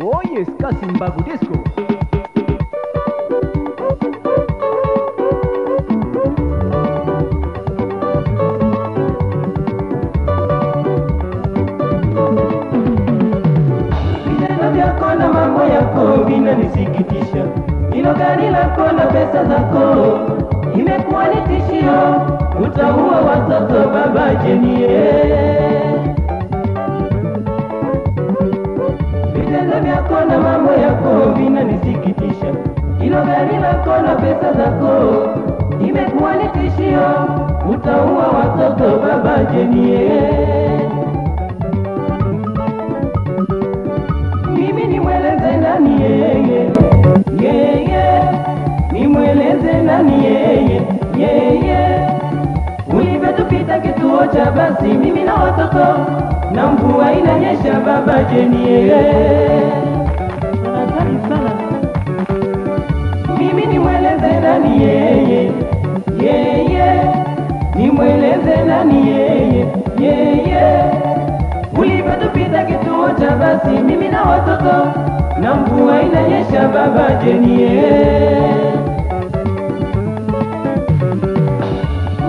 Oh yes, Kasimbagu Disco. inanisikitisha. Hilo gari lako na pesa zako imekuwa ni tishio, utaua watoto baba jenie lako na mambo yako vinanisikitisha. Hilo gari lako na pesa zako imekuwa ni tishio, utaua watoto baba jenie. Mimi nimweleze nani yeye? Yeye nimweleze nani yeye? Yeye ulivyotupita kituo cha basi, mimi na watoto na mvua inanyesha, baba jenie nani yeye, yeye, nimweleze nani yeye, yeye. Ulipotupita kituo cha basi, mimi na watoto na mvua inanyesha, baba jenie,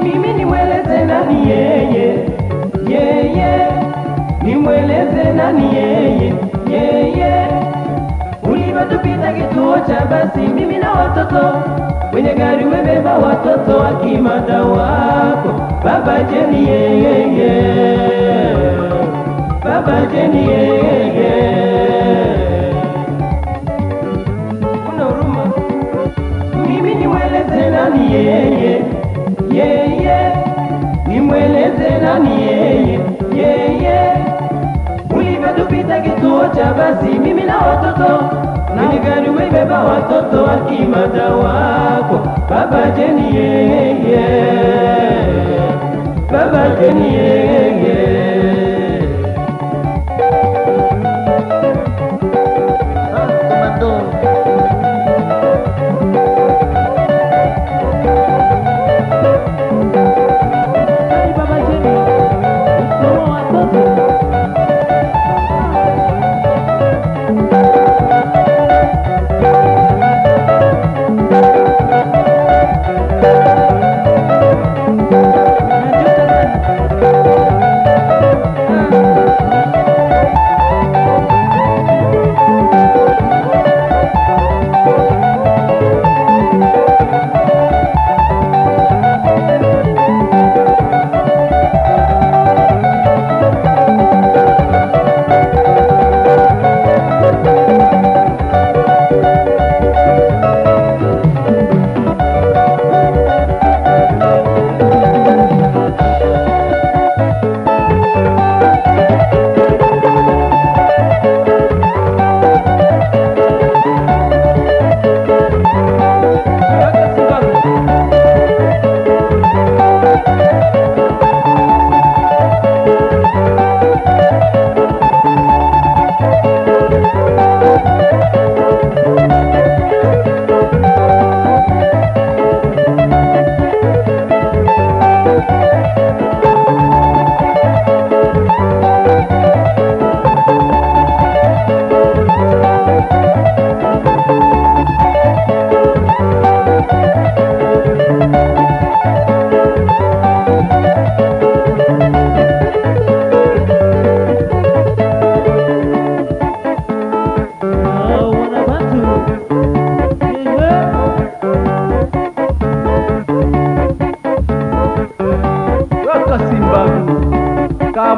mimi nimweleze nani yeye, yeye, nimweleze nani yeye kupita kituo cha basi, mimi na watoto kwenye gari, webeba watoto akimada wako baba jeni yeyeye, baba jeni yeye yeyeye kuna huruma, mimi nimweleze nani yeye yeye, nimweleze nani yeye yeye basi mimi na watoto mimi gari umeibeba watoto akimada wako baba jeni baba jeni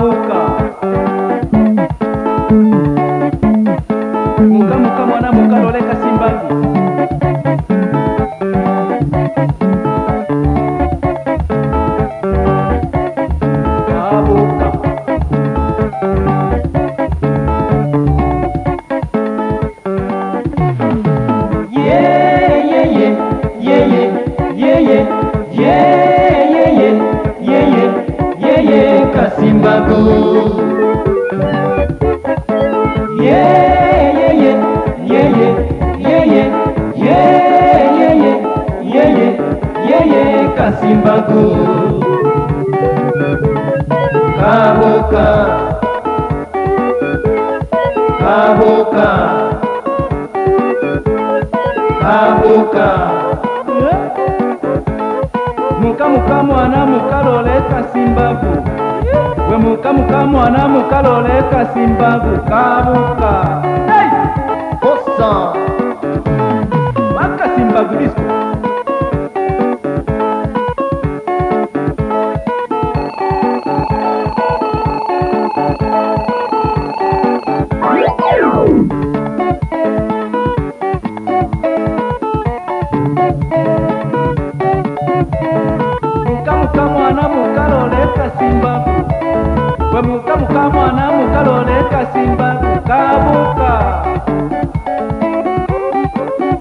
boka mokamoka muka, mokalo oleka simbangi simbaku kahoka kahoka kahoka mukamuka mwana mukaloleka simbaku gwe muka mwana mukaloleka simbaku kabuka hey! osa, kosa wakasimbaku disco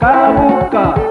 Pernambucano.